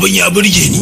abin ya burge ni